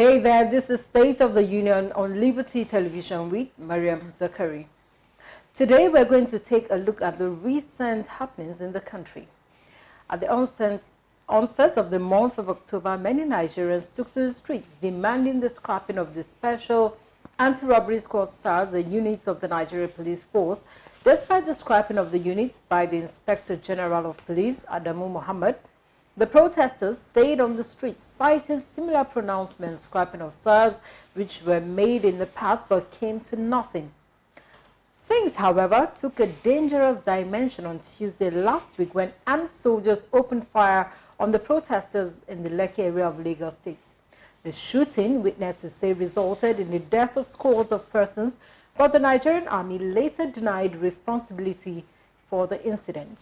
Hey there, this is State of the Union on Liberty Television with Mariam Zakari. Today we're going to take a look at the recent happenings in the country. At the onset, onset of the month of October, many Nigerians took to the streets demanding the scrapping of the special anti-robbery squad SARS, the units of the Nigerian Police Force, despite the scrapping of the units by the Inspector General of Police, Adamu Mohammed, the protesters stayed on the streets, citing similar pronouncements, scrapping of SARS, which were made in the past but came to nothing. Things, however, took a dangerous dimension on Tuesday last week when armed soldiers opened fire on the protesters in the Lekki area of Lagos State. The shooting, witnesses say, resulted in the death of scores of persons, but the Nigerian army later denied responsibility for the incident.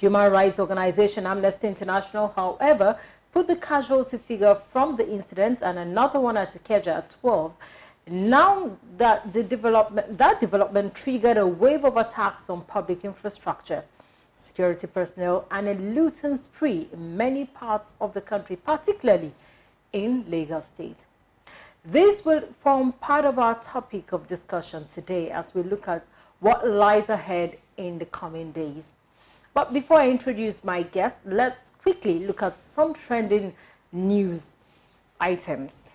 Human rights organization Amnesty International, however, put the casualty figure from the incident and another one at Ikeja at 12. Now that the development that development triggered a wave of attacks on public infrastructure, security personnel, and a looting spree in many parts of the country, particularly in Lagos State. This will form part of our topic of discussion today as we look at what lies ahead in the coming days. But before I introduce my guest, let's quickly look at some trending news items.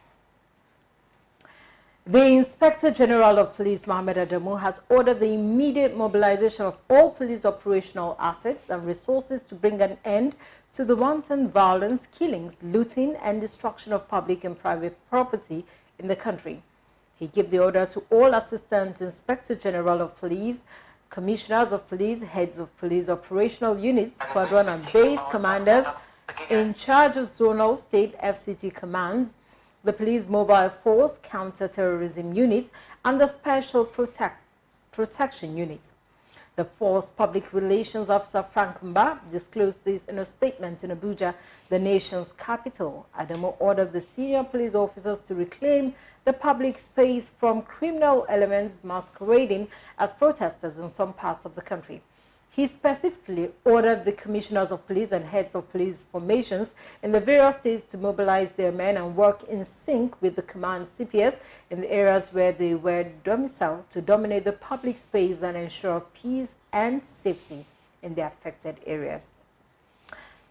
The Inspector General of Police, Mohamed Adamu, has ordered the immediate mobilization of all police operational assets and resources to bring an end to the wanton violence, killings, looting and destruction of public and private property in the country. He gave the order to all Assistant Inspector General of Police commissioners of police, heads of police operational units, squadron and base commanders in charge of zonal state FCT commands, the police mobile force, counter-terrorism unit, and the special protect, protection unit. The force public relations officer Frank Mba disclosed this in a statement in Abuja, the nation's capital. Adamo ordered the senior police officers to reclaim the public space from criminal elements masquerading as protesters in some parts of the country. He specifically ordered the commissioners of police and heads of police formations in the various states to mobilize their men and work in sync with the command CPS in the areas where they were domiciled to dominate the public space and ensure peace and safety in the affected areas.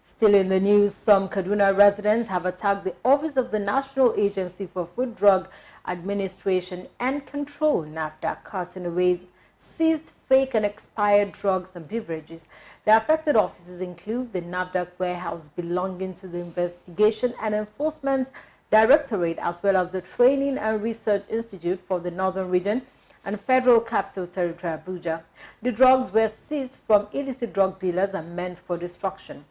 Still in the news, some Kaduna residents have attacked the office of the National Agency for Food, Drug Administration and Control, NAFDA, cutting away seized fake and expired drugs and beverages. The affected offices include the NAVDAC warehouse belonging to the Investigation and Enforcement Directorate as well as the Training and Research Institute for the Northern Region and Federal Capital Territory Abuja. The drugs were seized from illicit drug dealers and meant for destruction.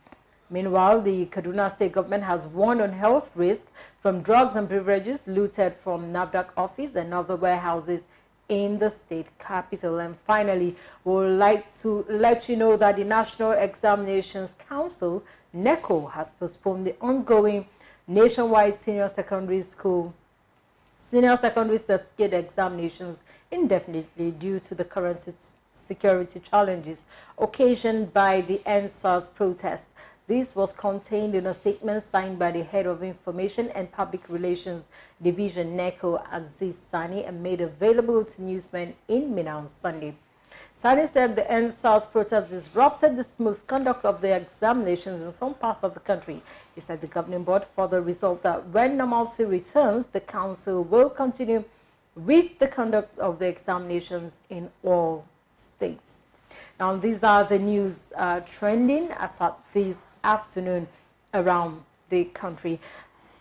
Meanwhile, the Kaduna state government has warned on health risk from drugs and beverages looted from NAVDAC office and other warehouses in the state capital. And finally, we would like to let you know that the National Examinations Council, NECO, has postponed the ongoing nationwide senior secondary school senior secondary certificate examinations indefinitely due to the current security challenges occasioned by the NSAS protest. This was contained in a statement signed by the head of Information and Public Relations Division NECO, Aziz Sani, and made available to newsmen in Mina on Sunday. Sani said the NSAS protest disrupted the smooth conduct of the examinations in some parts of the country. He said the governing board further resolved that when normalcy returns, the council will continue with the conduct of the examinations in all states. Now, these are the news uh, trending as at this afternoon around the country.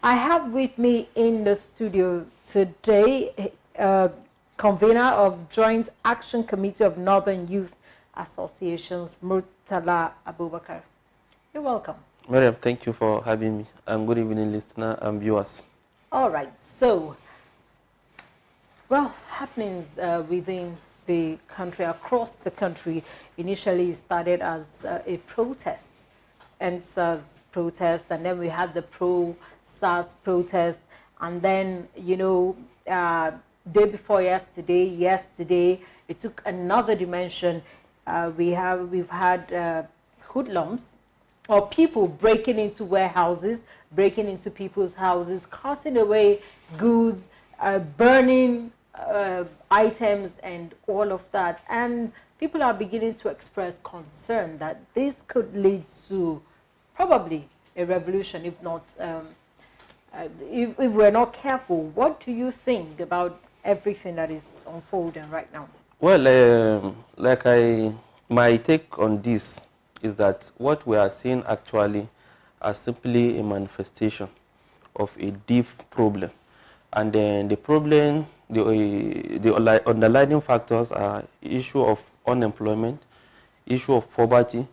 I have with me in the studio today uh, convener of Joint Action Committee of Northern Youth Associations, Murtala Abubakar. You're welcome. Mariam, thank you for having me, and good evening, listener and viewers. All right, so, well, happenings uh, within the country, across the country, initially started as uh, a protest Anti-SARS protest, and then we had the pro SARS protest, and then, you know, uh, day before yesterday, yesterday, it took another dimension. Uh, we have, we've had uh, hoodlums or people breaking into warehouses, breaking into people's houses, cutting away goods, uh, burning uh, items and all of that. And people are beginning to express concern that this could lead to probably a revolution, if not, um, uh, if, if, we're not careful. What do you think about everything that is unfolding right now? Well, um, like I, my take on this is that what we are seeing actually are simply a manifestation of a deep problem. And then the problem, the, uh, the underlying factors are issue of unemployment, issue of poverty,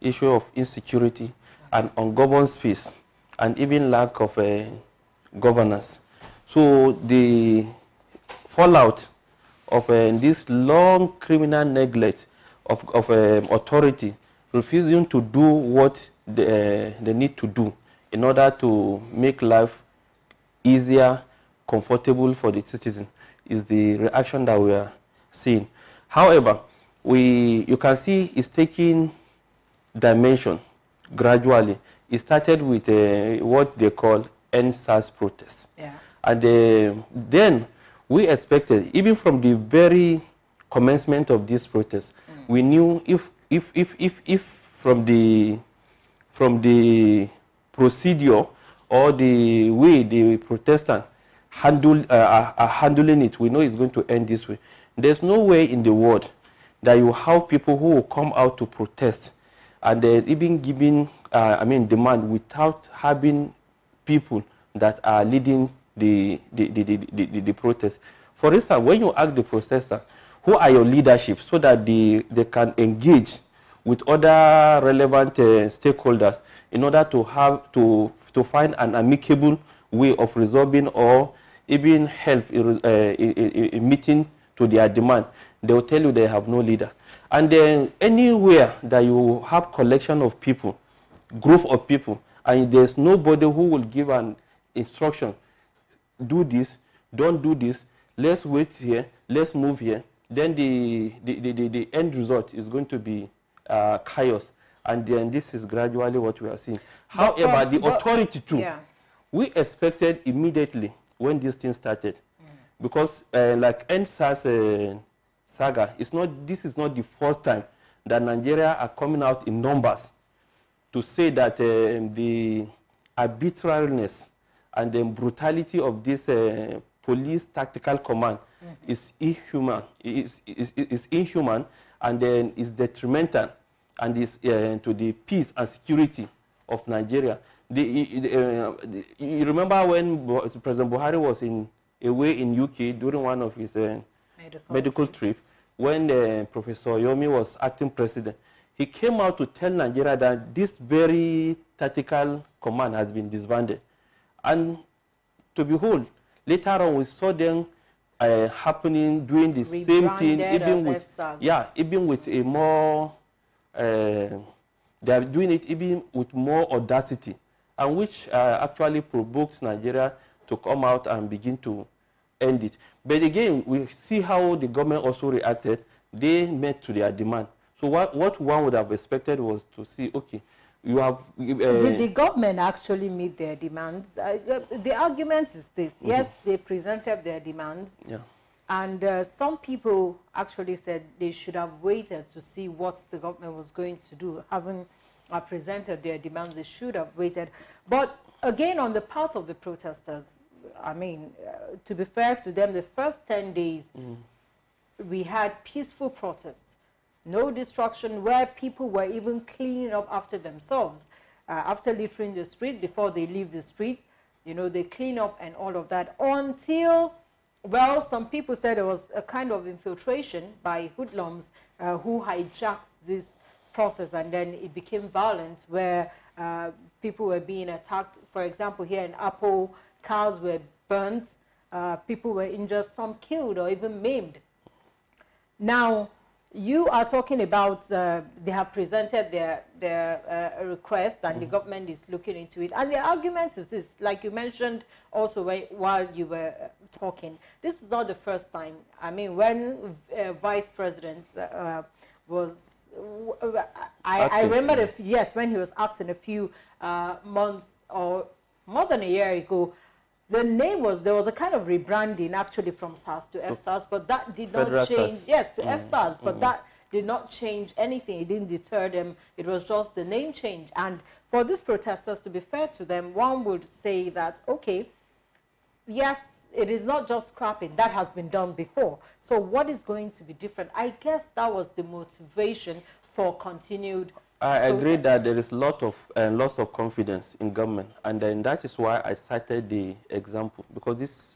issue of insecurity, and ungoverned space, and even lack of uh, governance. So the fallout of uh, this long criminal neglect of, of uh, authority refusing to do what they, uh, they need to do in order to make life easier, comfortable for the citizen is the reaction that we are seeing. However, we, you can see it's taking dimension gradually. It started with uh, what they call NSAS protest. Yeah. And uh, then we expected, even from the very commencement of this protest, mm. we knew if, if, if, if, if from, the, from the procedure or the way the protestant handled uh, are handling it, we know it's going to end this way. There's no way in the world that you have people who will come out to protest and they're even giving, uh, I mean, demand without having people that are leading the, the, the, the, the, the protest. For instance, when you ask the protester, who are your leadership so that they, they can engage with other relevant uh, stakeholders in order to have to, to find an amicable way of resolving or even help in, uh, in, in meeting to their demand. They will tell you they have no leader. And then anywhere that you have collection of people, group of people, and there's nobody who will give an instruction, do this, don't do this, let's wait here, let's move here, then the, the, the, the, the end result is going to be uh, chaos. And then this is gradually what we are seeing. However, the authority too, yeah. we expected immediately when this thing started. Mm. Because uh, like NSAS uh, saga, it's not, this is not the first time that Nigeria are coming out in numbers to say that uh, the arbitrariness and the brutality of this uh, police tactical command mm -hmm. is inhuman, is, is, is, inhuman and then is detrimental and is uh, to the peace and security of Nigeria. The, uh, the, you remember when President Buhari was in away in UK during one of his uh, medical, medical trip, when uh, Professor Yomi was acting president, he came out to tell Nigeria that this very tactical command has been disbanded. And to behold, later on we saw them uh, happening, doing the same thing, even with, FSAS. yeah, even with a more, uh, they are doing it even with more audacity, and which uh, actually provoked Nigeria to come out and begin to end it. But again, we see how the government also reacted. They met to their demand. So what, what one would have expected was to see, okay, you have... Uh, Did the government actually meet their demands? Uh, uh the argument is this. Mm -hmm. Yes, they presented their demands. Yeah. And uh, some people actually said they should have waited to see what the government was going to do. Having uh, presented their demands, they should have waited. But again, on the part of the protesters, I mean, uh, to be fair to them, the first 10 days mm. we had peaceful protests, no destruction, where people were even cleaning up after themselves. Uh, after littering the street, before they leave the street, you know, they clean up and all of that until, well, some people said it was a kind of infiltration by hoodlums uh, who hijacked this process and then it became violent where uh, people were being attacked. For example, here in Apple, cars were burnt, uh, people were injured, some killed or even maimed. Now, you are talking about uh, they have presented their, their uh, request and mm -hmm. the mm-hmm. government is looking into it. And the argument is this, like you mentioned also while you were uh, talking, this is not the first time. I mean, when uh, Vice President uh, was I, I, remember, if, yes, when he was acting a few uh, months or more than a year ago the name was, there was a kind of rebranding actually from SARS to FSARS, but that did not Federal change, SAS. yes, to mm. Mm-hmm. FSARS, but mm -hmm. that did not change anything. It didn't deter them. It was just the name change. And for these protesters, to be fair to them, one would say that, okay, yes, it is not just scrapping. That has been done before. So what is going to be different? I guess that was the motivation for continued I agree that there is lot of uh, loss of confidence in government, and then that is why I cited the example because this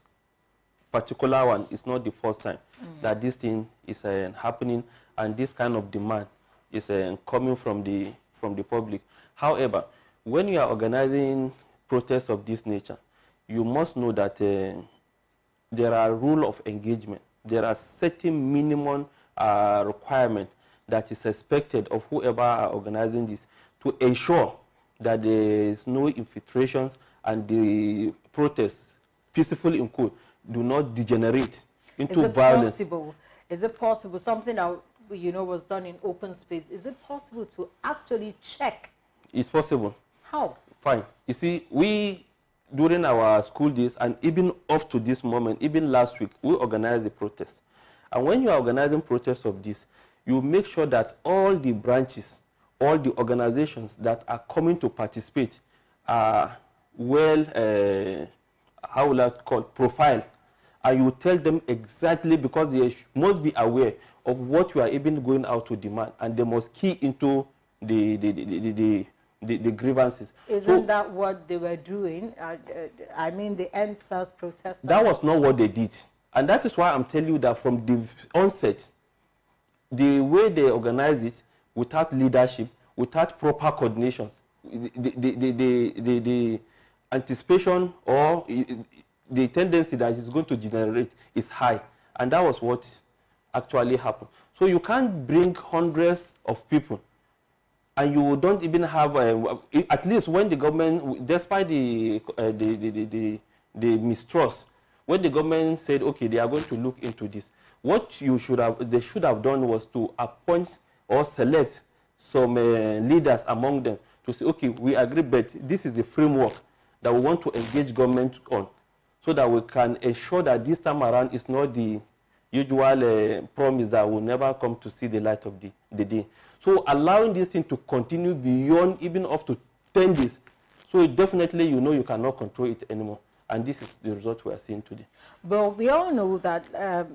particular one is not the first time mm. that this thing is uh, happening, and this kind of demand is uh, coming from the from the public. However, when you are organizing protests of this nature, you must know that uh, there are rules of engagement. There are certain minimum uh, requirements that is expected of whoever are organizing this to ensure that there is no infiltrations and the protests, peacefully, in do not degenerate into is it violence. Possible? Is it possible, something that you know was done in open space, is it possible to actually check? It's possible. How? Fine. You see, we, during our school days, and even up to this moment, even last week, we organized the protest. And when you are organizing protests of this, you make sure that all the branches, all the organizations that are coming to participate are well, uh, how will I call it, profile. And you tell them exactly because they must be aware of what you are even going out to demand. And they must key into the, the, the, the, the the, the, grievances. Isn't so, that what they were doing? Uh, uh, I mean, the NSAS protest. That was not what they did. And that is why I'm telling you that from the onset, the way they organize it without leadership, without proper coordinations, the, the, the, the, the anticipation or the tendency that it's going to generate is high. And that was what actually happened. So you can't bring hundreds of people and you don't even have, a, uh, at least when the government, despite the, uh, the, the, the, the mistrust, when the government said, okay, they are going to look into this, what you should have, they should have done was to appoint or select some uh, leaders among them to say, okay, we agree, but this is the framework that we want to engage government on so that we can ensure that this time around is not the usual uh, promise that will never come to see the light of the, the day. So allowing this thing to continue beyond even up to 10 days, so definitely you know you cannot control it anymore. And this is the result we are seeing today. But we all know that um,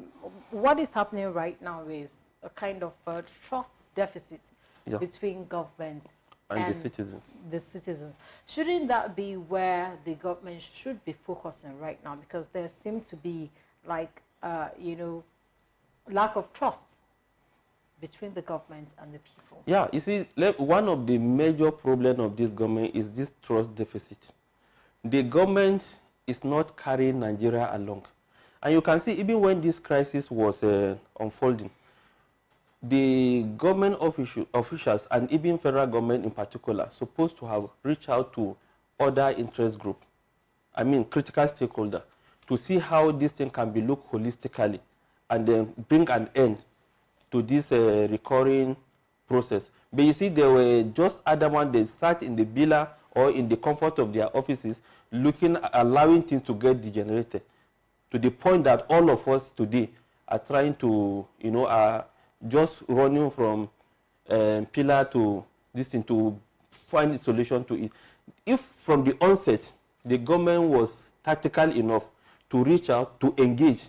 what is happening right now is a kind of a trust deficit yeah. between governments and, and, the citizens. The citizens. Shouldn't that be where the government should be focusing right now? Because there seems to be like, uh, you know, lack of trust between the government and the people. Yeah, you see, one of the major problems of this government is this trust deficit. The government is not carrying Nigeria along. And you can see even when this crisis was uh, unfolding, the government official, officials and even federal government in particular supposed to have reached out to other interest group, I mean critical stakeholder, to see how this thing can be looked holistically and then bring an end to this uh, recurring process. But you see, they were just adamant, they sat in the biller or in the comfort of their offices, looking, allowing things to get degenerated to the point that all of us today are trying to, you know, are just running from um, pillar to this thing to find a solution to it. If from the onset the government was tactical enough to reach out, to engage,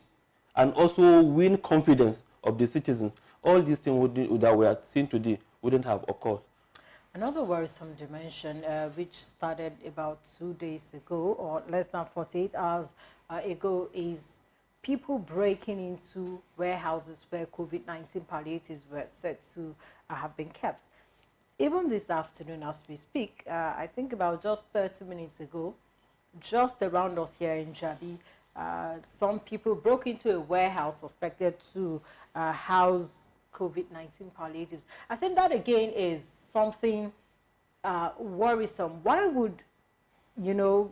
and also win confidence of the citizens, all these things would, that we are seeing today wouldn't have occurred. Another worrisome dimension, uh, which started about two days ago or less than 48 hours uh, ago, is people breaking into warehouses where COVID 19 palliatives were said to uh, have been kept. Even this afternoon, as we speak, uh, I think about just 30 minutes ago, just around us here in Jabi, uh, some people broke into a warehouse suspected to uh, house COVID 19 palliatives. I think that again is something uh, worrisome. Why would, you know,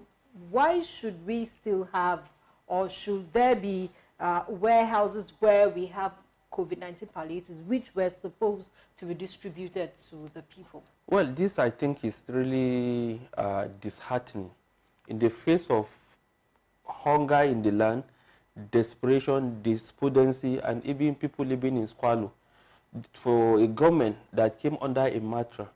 why should we still have or should there be uh, warehouses where we have COVID-19 palliatives, which were supposed to be distributed to the people? Well, this, I think, is really uh, disheartening. In the face of hunger in the land, desperation, despondency, and even people living in squalor, for a government that came under a matter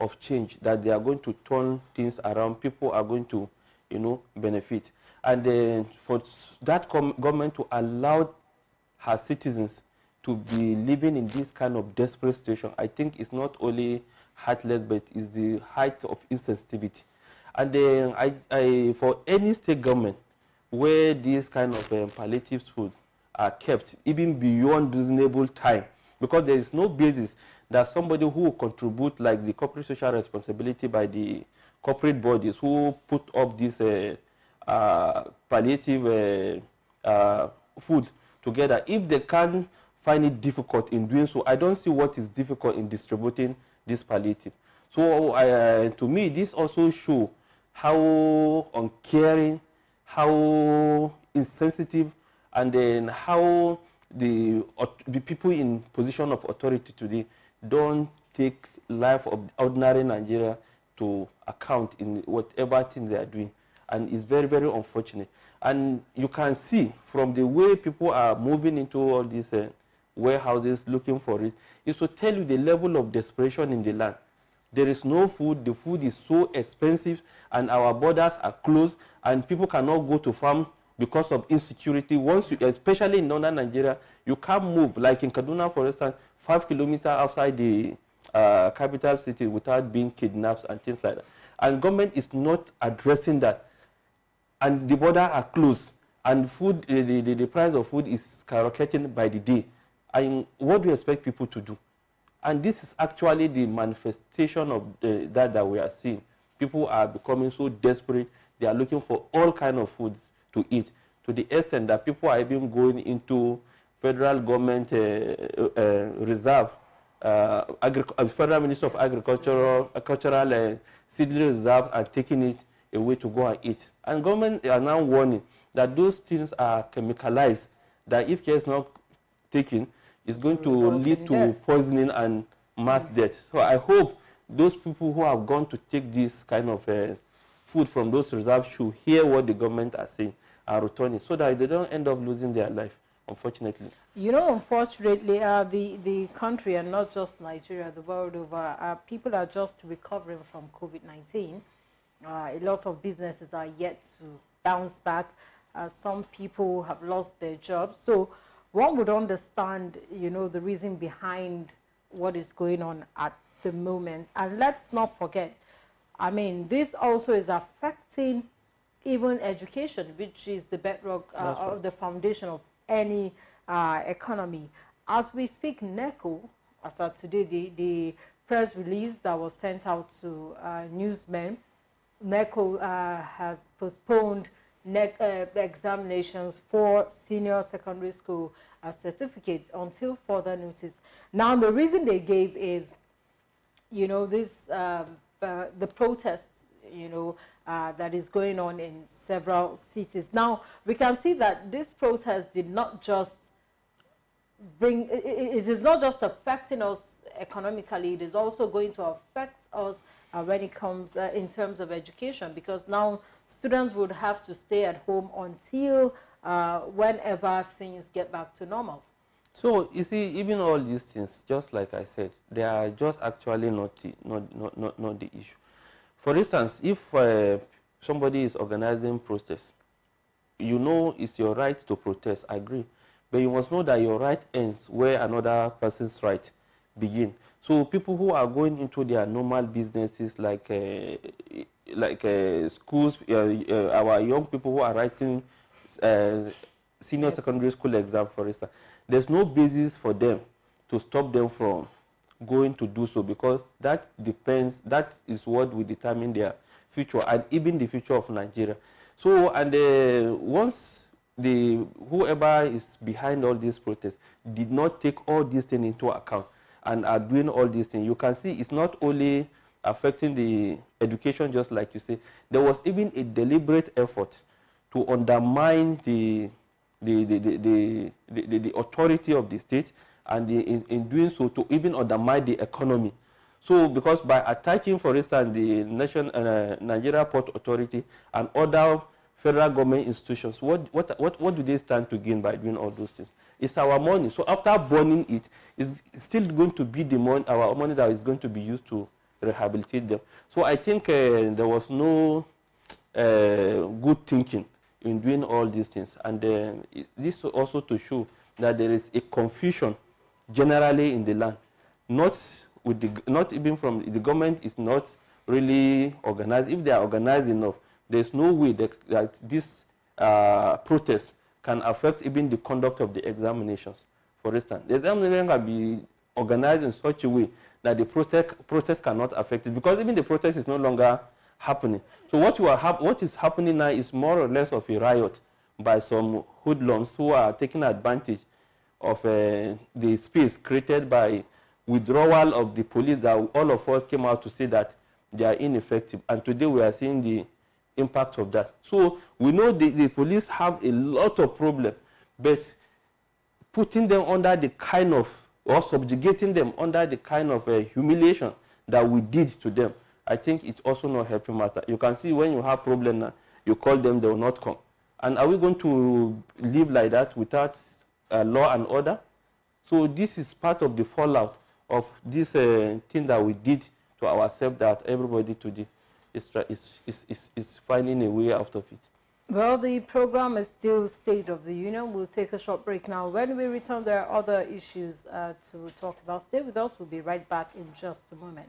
of change, that they are going to turn things around, people are going to, you know, benefit. And then for that government to allow her citizens to be living in this kind of desperate situation, I think it's not only heartless, but it's the height of insensitivity. And then I, I, for any state government where these kind of um, palliative foods are kept even beyond reasonable time, because there is no basis that somebody who contribute like the corporate social responsibility by the corporate bodies who put up this uh, uh, palliative uh, uh, food together, if they can find it difficult in doing so, I don't see what is difficult in distributing this palliative. So uh, to me, this also shows how uncaring, how insensitive, and then how the, the people in position of authority today don't take life of ordinary Nigeria to account in whatever thing they are doing. And it's very, very unfortunate. And you can see from the way people are moving into all these uh, warehouses looking for it, it will tell you the level of desperation in the land. There is no food, the food is so expensive, and our borders are closed, and people cannot go to farm because of insecurity. Once you, especially in northern Nigeria, you can't move. Like in Kaduna, for instance, five kilometers outside the uh, capital city without being kidnapped and things like that. And government is not addressing that. And the border are closed. And food, the, the, the price of food is skyrocketing by the day. And what do you expect people to do? And this is actually the manifestation of uh, that that we are seeing. People are becoming so desperate. They are looking for all kinds of foods to eat, to the extent that people are even going into federal government uh, uh, reserve, uh, federal minister of agricultural, cultural seed reserve and taking it away to go and eat. And government are now warning that those things are chemicalized, that if care is not taken, it's going to lead to death. poisoning and mass mm -hmm. death. So I hope those people who have gone to take this kind of uh, food from those reserves should hear what the government are saying and return it so that they don't end up losing their life, unfortunately. You know, unfortunately, uh, the, the country and not just Nigeria, the world over, uh, people are just recovering from COVID-19. Uh, a lot of businesses are yet to bounce back. Uh, some people have lost their jobs. So one would understand, you know, the reason behind what is going on at the moment. And let's not forget, I mean, this also is affecting even education, which is the bedrock uh, right. of the foundation of any uh, economy. As we speak, NECO, as of today, the, the press release that was sent out to uh, newsmen, NECO uh, has postponed NEC, uh, examinations for senior secondary school uh, certificate until further notice. Now, the reason they gave is, you know, this um, uh, the protests, you know, uh, that is going on in several cities. Now, we can see that this protest did not just bring, it, it is not just affecting us economically, it is also going to affect us uh, when it comes uh, in terms of education because now students would have to stay at home until uh, whenever things get back to normal. So you see, even all these things, just like I said, they are just actually not the, not, not, not, not the issue. For instance, if uh, somebody is organizing protests, you know it's your right to protest, I agree. But you must know that your right ends where another person's right begin. So people who are going into their normal businesses like uh, like uh, schools, uh, uh, our young people who are writing uh, senior secondary school exam, for instance, there's no basis for them to stop them from going to do so because that depends, that is what will determine their future and even the future of Nigeria. So, and uh, once the whoever is behind all these protests did not take all these things into account and are doing all these things, you can see it's not only affecting the education, just like you say, there was even a deliberate effort to undermine the the, the, the, the, the authority of the state and the, in, in doing so to even undermine the economy. So because by attacking, for instance, the Nation, uh, Nigeria Port Authority and other federal government institutions, what, what, what, what do they stand to gain by doing all those things? It's our money. So after burning it, it's still going to be the money, our money that is going to be used to rehabilitate them. So I think uh, there was no uh, good thinking in doing all these things. And uh, this also to show that there is a confusion generally in the land, not with the, not even from the government is not really organized. If they are organized enough, there's no way that, that this uh, protest can affect even the conduct of the examinations. For instance, the examination can be organized in such a way that the protest, protest cannot affect it because even the protest is no longer happening. So what, hap what is happening now is more or less of a riot by some hoodlums who are taking advantage of uh, the space created by withdrawal of the police that all of us came out to see that they are ineffective. And today we are seeing the impact of that. So we know the, the police have a lot of problem, but putting them under the kind of, or subjugating them under the kind of uh, humiliation that we did to them, I think it's also not helping matter. You can see when you have problem uh, you call them, they will not come. And are we going to live like that without uh, law and order? So this is part of the fallout of this uh, thing that we did to ourselves that everybody today is, is, is, is finding a way out of it. Well, the program is still State of the Union. We'll take a short break now. When we return, there are other issues uh, to talk about. Stay with us. We'll be right back in just a moment.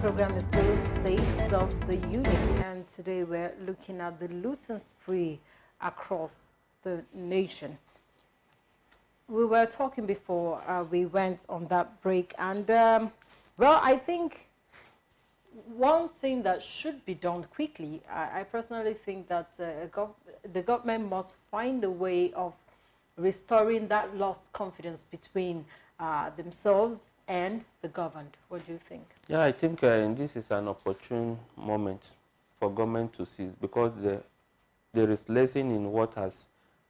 program is the States of the Union, and today we're looking at the looting spree across the nation. We were talking before uh, we went on that break, and um, well, I think one thing that should be done quickly, I, I personally think that uh, gov the government must find a way of restoring that lost confidence between uh, themselves and the governed. What do you think? Yeah, I think uh, this is an opportune moment for government to seize because the, there is lesson in what has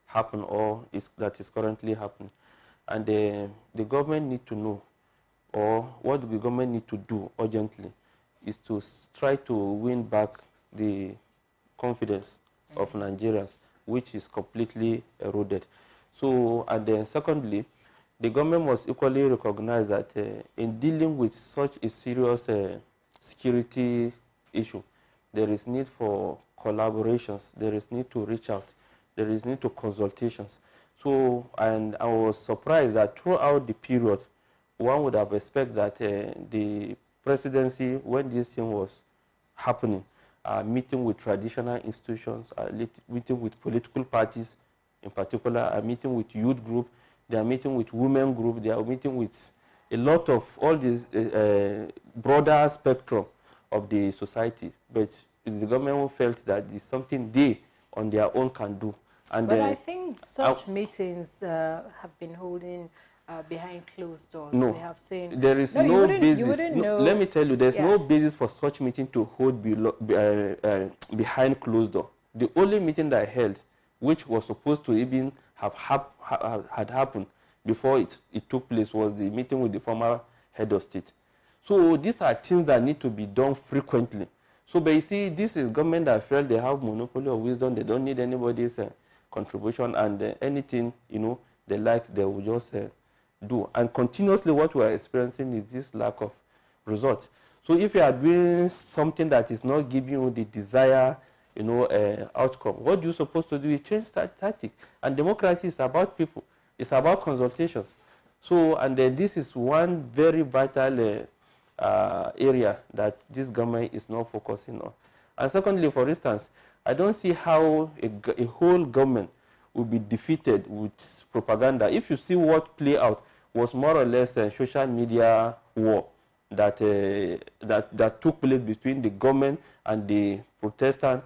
happened or is, that is currently happening. And the government need to know or what the government need to do urgently is to try to win back the confidence mm -hmm. of Nigerians, which is completely eroded. So, and then secondly, the government must equally recognize that uh, in dealing with such a serious uh, security issue, there is need for collaborations, there is need to reach out, there is need to consultations. So, and I was surprised that throughout the period, one would have expected that uh, the presidency, when this thing was happening, uh, meeting with traditional institutions, uh, meeting with political parties in particular, a meeting with youth groups. They are meeting with women group. They are meeting with a lot of all this uh, uh, broader spectrum of the society. But the government felt that it's something they on their own can do. And but uh, I think such I meetings uh, have been holding uh, behind closed doors. No, they have seen there is no, no basis. No, let me tell you, there's yeah. no basis for such meeting to hold below, uh, uh, behind closed door. The only meeting that I held, which was supposed to even have hap ha had happened before it, it took place was the meeting with the former head of state. So these are things that need to be done frequently. So but you see, this is government that felt they have monopoly of wisdom. They don't need anybody's uh, contribution and uh, anything, you know, they like, they will just uh, do. And continuously what we are experiencing is this lack of result. So if you are doing something that is not giving you the desire you know, uh, outcome. What you supposed to do is change tactics. And democracy is about people. It's about consultations. So, and then uh, this is one very vital uh, uh, area that this government is not focusing on. And secondly, for instance, I don't see how a, a whole government will be defeated with propaganda. If you see what play out was more or less a social media war that, uh, that, that took place between the government and the protestant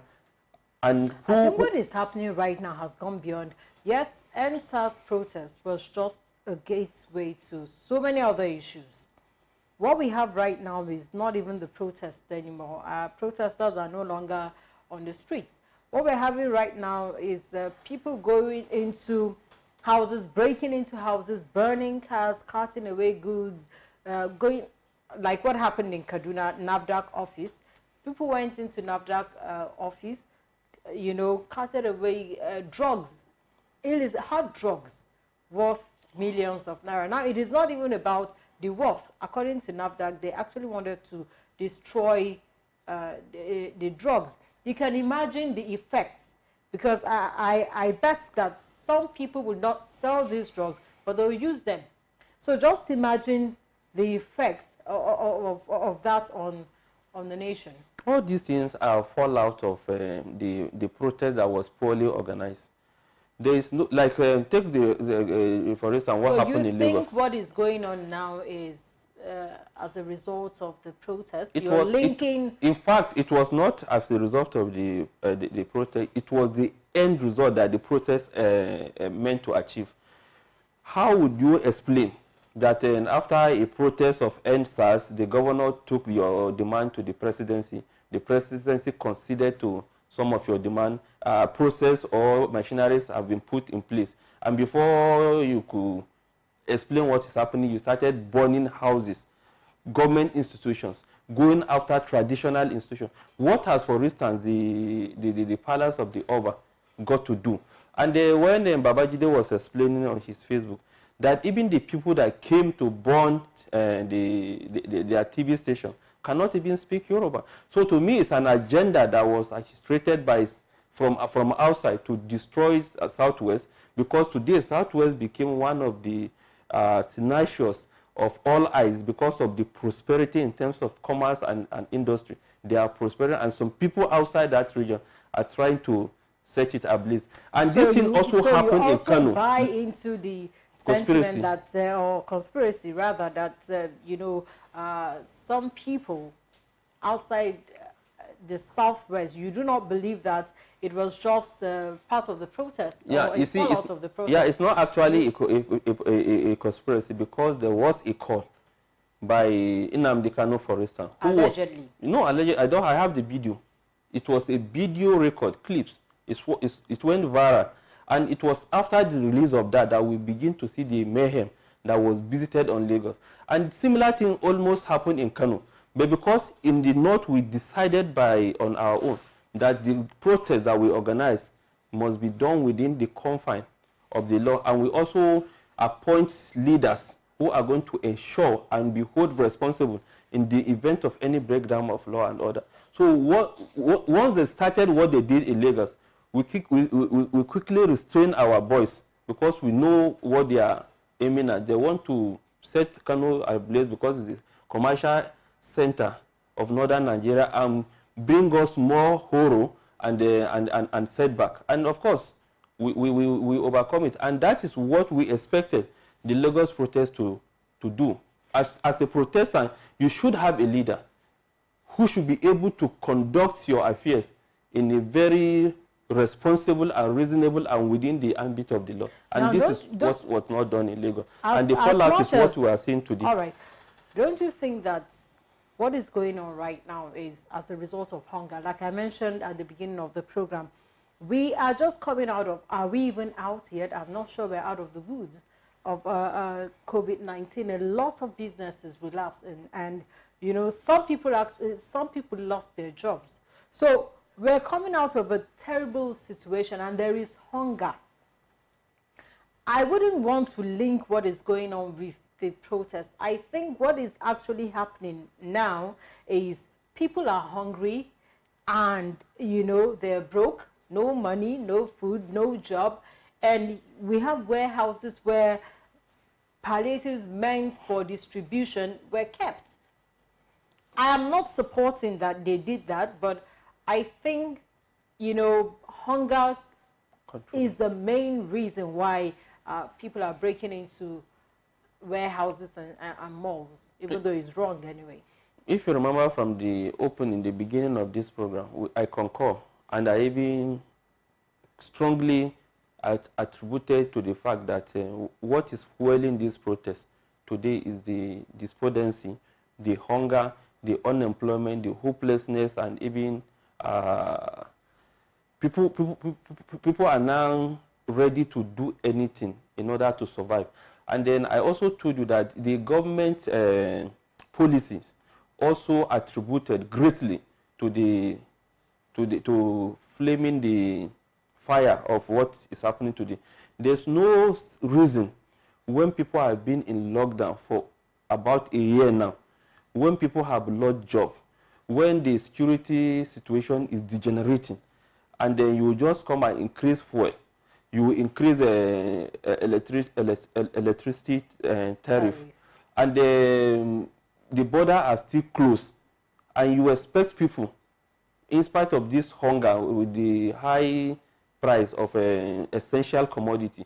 and who, I think what is happening right now has gone beyond. Yes, NSAS protest was just a gateway to so many other issues. What we have right now is not even the protest anymore. Our protesters are no longer on the streets. What we're having right now is uh, people going into houses, breaking into houses, burning cars, carting away goods, uh, going like what happened in Kaduna NAVDAC office. People went into NAVDAC uh, office, you know, carted away uh, drugs, illicit hard drugs worth millions of naira. Now, it is not even about the worth. According to NAVDAC, they actually wanted to destroy uh, the, the, drugs. You can imagine the effects because I, I, I bet that some people will not sell these drugs, but they'll use them. So just imagine the effects of, of, of that on on the nation. All these things are fallout of um, the, the protest that was poorly organized. There is no, like, um, take the, the uh, for instance, what so happened in Lagos. So you think what is going on now is uh, as a result of the protest? It You're was, linking... It, in fact, it was not as a result of the, uh, the, the, protest. It was the end result that the protest uh, meant to achieve. How would you explain that uh, after a protest of NSAS, the governor took your demand to the presidency. The presidency considered to some of your demand. Uh, process or machineries have been put in place. And before you could explain what is happening, you started burning houses, government institutions, going after traditional institutions. What has, for instance, the, the, the, the palace of the Oba got to do? And uh, when um, Babajide was explaining on his Facebook, that even the people that came to burn uh, the, the, the, their TV station cannot even speak Yoruba. So to me, it's an agenda that was orchestrated by from, uh, from outside to destroy uh, Southwest because today Southwest became one of the uh, of all eyes because of the prosperity in terms of commerce and, and industry. They are prospering, and some people outside that region are trying to set it ablaze. And so this thing you, also so happened also in Kano. buy into the conspiracy. sentiment that, uh, or conspiracy rather, that, uh, you know, uh, some people outside uh, the Southwest, you do not believe that it was just uh, part of the protest. Yeah, you see, it's, yeah, it's not actually a, a, a, a, conspiracy because there was a call by Inamdi Kano, for instance. Allegedly. Was, you know, allegedly, I, don't, I have the video. It was a video record, clips. It's, it's, it went viral. And it was after the release of that that we begin to see the mayhem that was visited on Lagos. And similar thing almost happened in Kano. But because in the north we decided by on our own that the protest that we organize must be done within the confine of the law. And we also appoint leaders who are going to ensure and be held responsible in the event of any breakdown of law and order. So what, what, once they started what they did in Lagos, we, kick, we, we, we quickly restrain our boys because we know what they are aiming at. They want to set Kano ablaze because it's a commercial center of northern Nigeria and bring us more horror and, uh, and, and, and setback. And of course, we, we, we, we overcome it. And that is what we expected the Lagos protest to, to do. As, as a protester, you should have a leader who should be able to conduct your affairs in a very responsible and reasonable and within the ambit of the law. And now this is what was not done in Lagos. and the fallout is what we are seeing today. All right. Don't you think that what is going on right now is as a result of hunger? Like I mentioned at the beginning of the program, we are just coming out of, are we even out yet? I'm not sure we're out of the woods of uh, uh, COVID-19. A lot of businesses relapsed and, and, you know, some people, actually, some people lost their jobs. So we're coming out of a terrible situation and there is hunger. I wouldn't want to link what is going on with the protest. I think what is actually happening now is people are hungry and, you know, they're broke, no money, no food, no job. And we have warehouses where palliatives meant for distribution were kept. I am not supporting that they did that, but I think, you know, hunger Control. is the main reason why uh, people are breaking into warehouses and, and, and malls, even it, though it's wrong anyway. If you remember from the opening, the beginning of this program, I concur, and I even strongly at, attributed to the fact that uh, what is fueling this protest today is the despondency, the hunger, the unemployment, the hopelessness, and even uh, people, people, people, are now ready to do anything in order to survive. And then I also told you that the government uh, policies also attributed greatly to the to the to flaming the fire of what is happening today. There's no reason when people have been in lockdown for about a year now, when people have lost job, when the security situation is degenerating, and then you just come and increase fuel, you increase the uh, uh, electric, electricity uh, tariff, and the, the border are still closed, and you expect people, in spite of this hunger with the high price of an uh, essential commodity,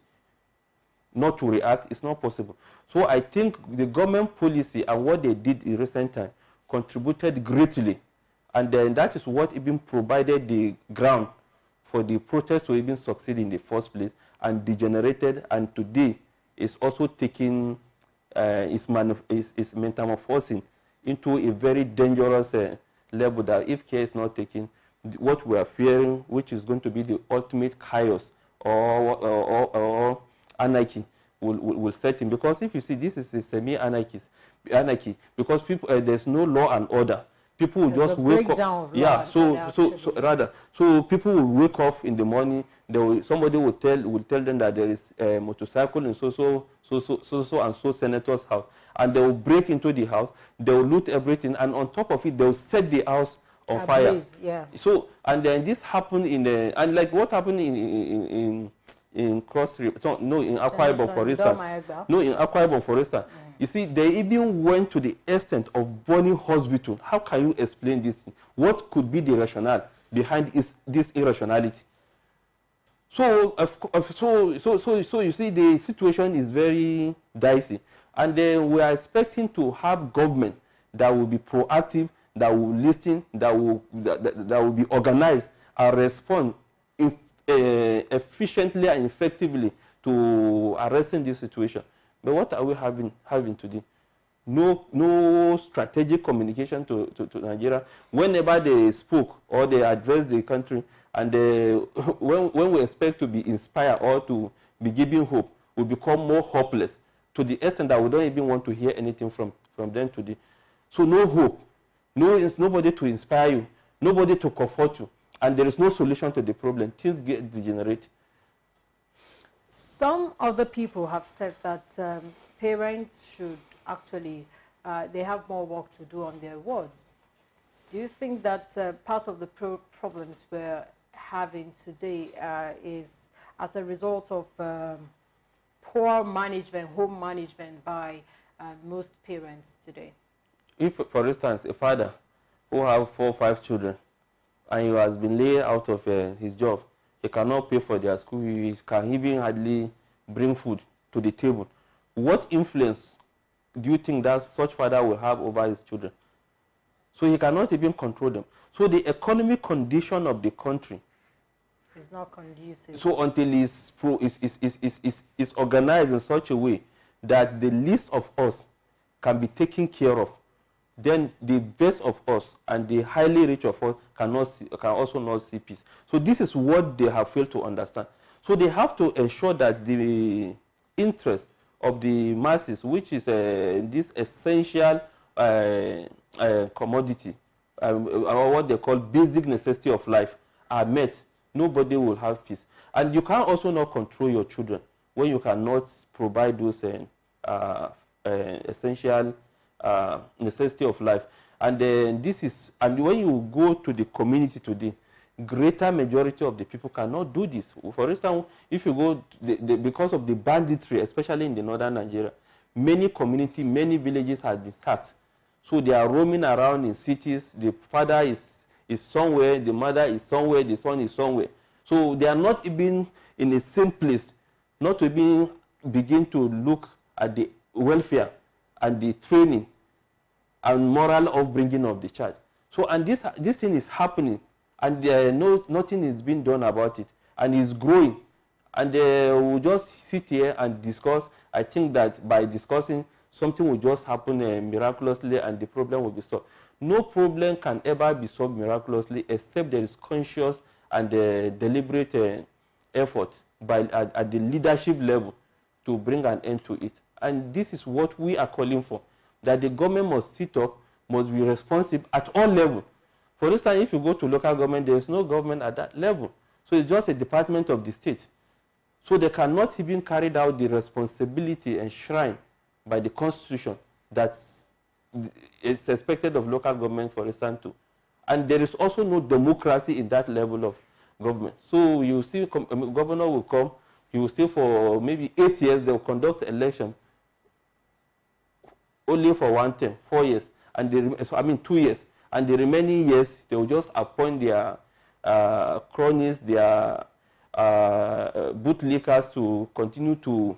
not to react, it's not possible. So I think the government policy and what they did in recent time contributed greatly. And then that is what even provided the ground for the protest to even succeed in the first place and degenerated and today is also taking uh, its is, is metamorphosing into a very dangerous uh, level that if care is not taken, what we are fearing, which is going to be the ultimate chaos or, or, or, or anarchy, will, will, will set in. Because if you see, this is a semi-anarchist anarchy because people uh, there's no law and order. People will just wake up. yeah. So so, so rather so people will wake up in the morning. They will, somebody will tell will tell them that there is a uh, motorcycle and so so so so so so and so senator's house, and they will break into the house. They will loot everything, and on top of it, they will set the house on fire. yeah. So and then this happened in the and like what happened in in, in in cross so, no in Akwa Ibom for instance no in Akwa Ibom for instance mm. you see they even went to the extent of burning hospital how can you explain this what could be the rationale behind this irrationality so so so so so you see the situation is very dicey and then we are expecting to have government that will be proactive that will listen that will that, that, that will be organized and respond if uh, efficiently and effectively to arresting this situation. But what are we having, having today? No, no strategic communication to, to, to Nigeria. Whenever they spoke or they addressed the country, and they, uh, when, when we expect to be inspired or to be given hope, we become more hopeless to the extent that we don't even want to hear anything from, from them today. So no hope, no, nobody to inspire you, nobody to comfort you, and there is no solution to the problem, things get degenerate. Some other people have said that um, parents should actually, uh, they have more work to do on their wards. Do you think that uh, part of the pro problems we're having today uh, is as a result of um, poor management, home management by uh, most parents today? If, for instance, a father who have four or five children and he has been laid out of uh, his job. He cannot pay for their school. He can even hardly bring food to the table. What influence do you think that such father will have over his children? So he cannot even control them. So the economic condition of the country is not conducive. So until it's, pro, it's, it's, it's, it's organized in such a way that the least of us can be taken care of then the best of us and the highly rich of us cannot see, can also not see peace. So this is what they have failed to understand. So they have to ensure that the interest of the masses, which is uh, this essential uh, uh, commodity, um, uh, or what they call basic necessity of life, are met. Nobody will have peace. And you can also not control your children when you cannot provide those um, uh, uh, essential uh, necessity of life. And then this is, and when you go to the community today, greater majority of the people cannot do this. For instance, if you go, the, the, because of the banditry, especially in the northern Nigeria, many community, many villages have been sacked. So they are roaming around in cities. The father is, is somewhere, the mother is somewhere, the son is somewhere. So they are not even in the same place, not even begin to look at the welfare and the training and moral upbringing of the church. So, and this, this thing is happening, and uh, no, nothing is being done about it, and it's growing. And uh, we'll just sit here and discuss. I think that by discussing, something will just happen uh, miraculously and the problem will be solved. No problem can ever be solved miraculously except there is conscious and uh, deliberate uh, effort by, at, at the leadership level to bring an end to it and this is what we are calling for, that the government must sit up, must be responsive at all levels. For instance, if you go to local government, there is no government at that level. So it's just a department of the state. So they cannot even carry out the responsibility enshrined by the constitution that is expected of local government, for instance, too. And there is also no democracy in that level of government. So you see, um, governor will come, you will see for maybe eight years they will conduct election only for one term, four years, and the, so I mean two years, and the remaining years they will just appoint their uh, cronies, their uh, uh bootlickers to continue to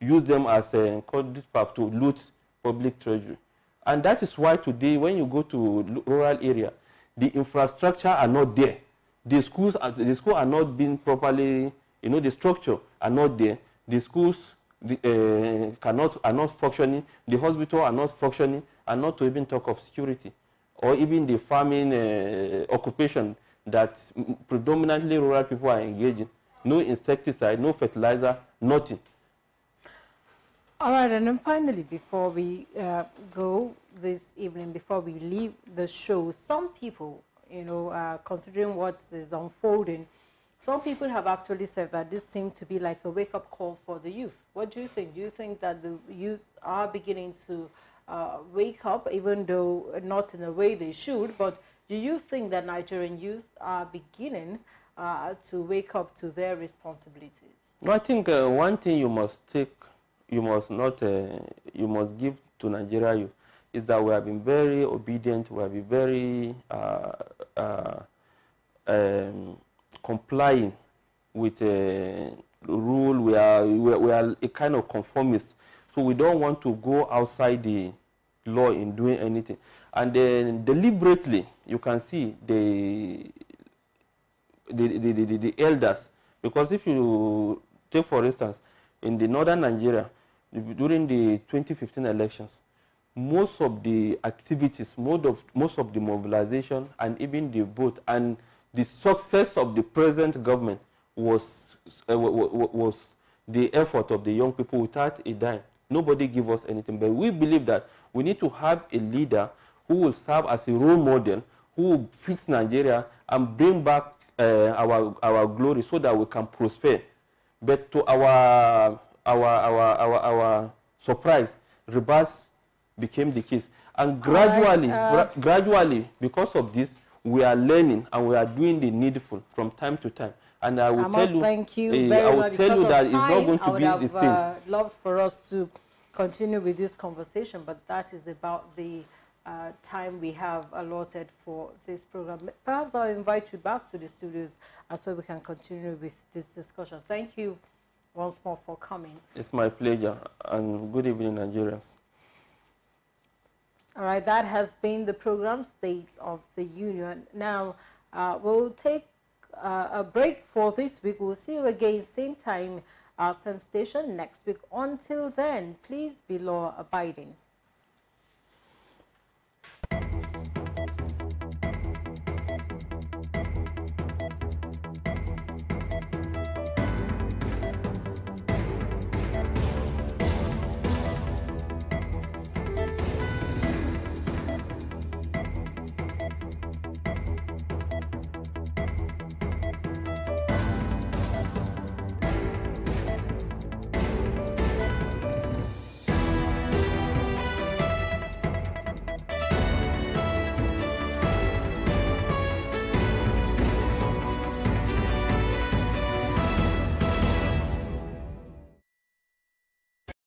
use them as a uh, conduit to loot public treasury. And that is why today when you go to rural area, the infrastructure are not there. The schools, are, the school are not being properly, you know, the structure are not there. The schools the, uh, cannot, are not functioning, the hospital are not functioning, and not to even talk of security or even the farming uh, occupation that predominantly rural people are engaging. No insecticide, no fertilizer, nothing. All right, and then finally, before we uh, go this evening, before we leave the show, some people, you know, uh, considering what is unfolding some people have actually said that this seems to be like a wake up call for the youth. What do you think? Do you think that the youth are beginning to uh, wake up, even though not in the way they should? But do you think that Nigerian youth are beginning uh, to wake up to their responsibilities? I think uh, one thing you must take, you must not, uh, you must give to Nigeria youth is that we have been very obedient, we have been very uh, uh, um, complying with a uh, rule. We are, we are a kind of conformist. So we don't want to go outside the law in doing anything. And then deliberately, you can see the, the, the, the, the elders. Because if you take, for instance, in the northern Nigeria, during the 2015 elections, most of the activities, most of, most of the mobilization, and even the vote, and the success of the present government was, uh, was the effort of the young people without a dime. Nobody give us anything. But we believe that we need to have a leader who will serve as a role model, who will fix Nigeria and bring back uh, our, our glory so that we can prosper. But to our, our, our, our, our surprise, reverse became the case. And gradually, right, uh, gra gradually, because of this, we are learning and we are doing the needful from time to time. And I will I tell you, thank you uh, I will much. tell because you that time, it's not going to be have, the same. Uh, love for us to continue with this conversation, but that is about the uh, time we have allotted for this program. Perhaps I'll invite you back to the studios and uh, so we can continue with this discussion. Thank you once more for coming. It's my pleasure, and good evening, Nigerians. All right, that has been the program States of the Union. Now, uh, we'll take uh, a break for this week. We'll see you again, same time, uh, same station next week. Until then, please be law abiding.